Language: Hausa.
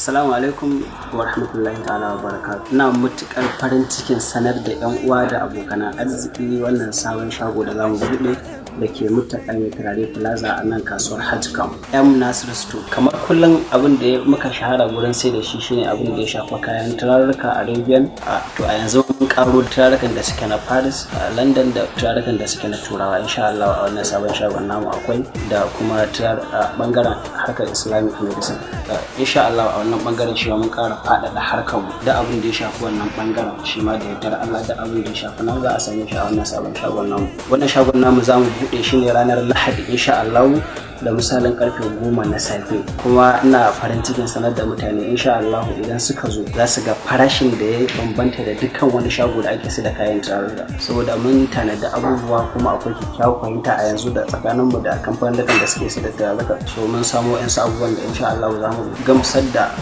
Assalamu alaikum wa rahmatullahi ta'ala wa barakatuh. Ina matukar farin cikin sanar da yan uwa da abokan arziki wannan sabon shago da zamu buɗe da ke mutaka mai turare plaza a nan kasuwar Hajjkam. M Nasir Store. Kamar kullum abin da muka shahara gurin sai da shi shine abin da ya shafa kayan turaruka Arabian. To a yanzu mun karo turarukan da suke na Paris, a London da turarukan da suke na Turawa insha Allah a wannan sabon shagon namu akwai da kuma bangaren haka Islamic medicine. Insha Allah wannan bangaren shi mun kara faɗaɗa harkar mu da abin da ya shafi wannan bangaren shi ma da yardar Allah da abin da ya shafi nan za a sanya shi a wannan sabon shagon namu wannan shagon namu za mu buɗe shi ne ranar Lahadi insha Allah da misalin karfe goma na safe kuma ina farin cikin sanar da mutane insha Allah idan suka zo za su ga farashin da ya bambanta da dukkan wani shago da ake su da kayan tarurra saboda mun tanadi abubuwa kuma akwai kyakkyawar fahimta a yanzu da tsakanin mu da kamfanin da suke su da tarurra so mun samo 'yan sabuwan da insha Allah za mu gamsar da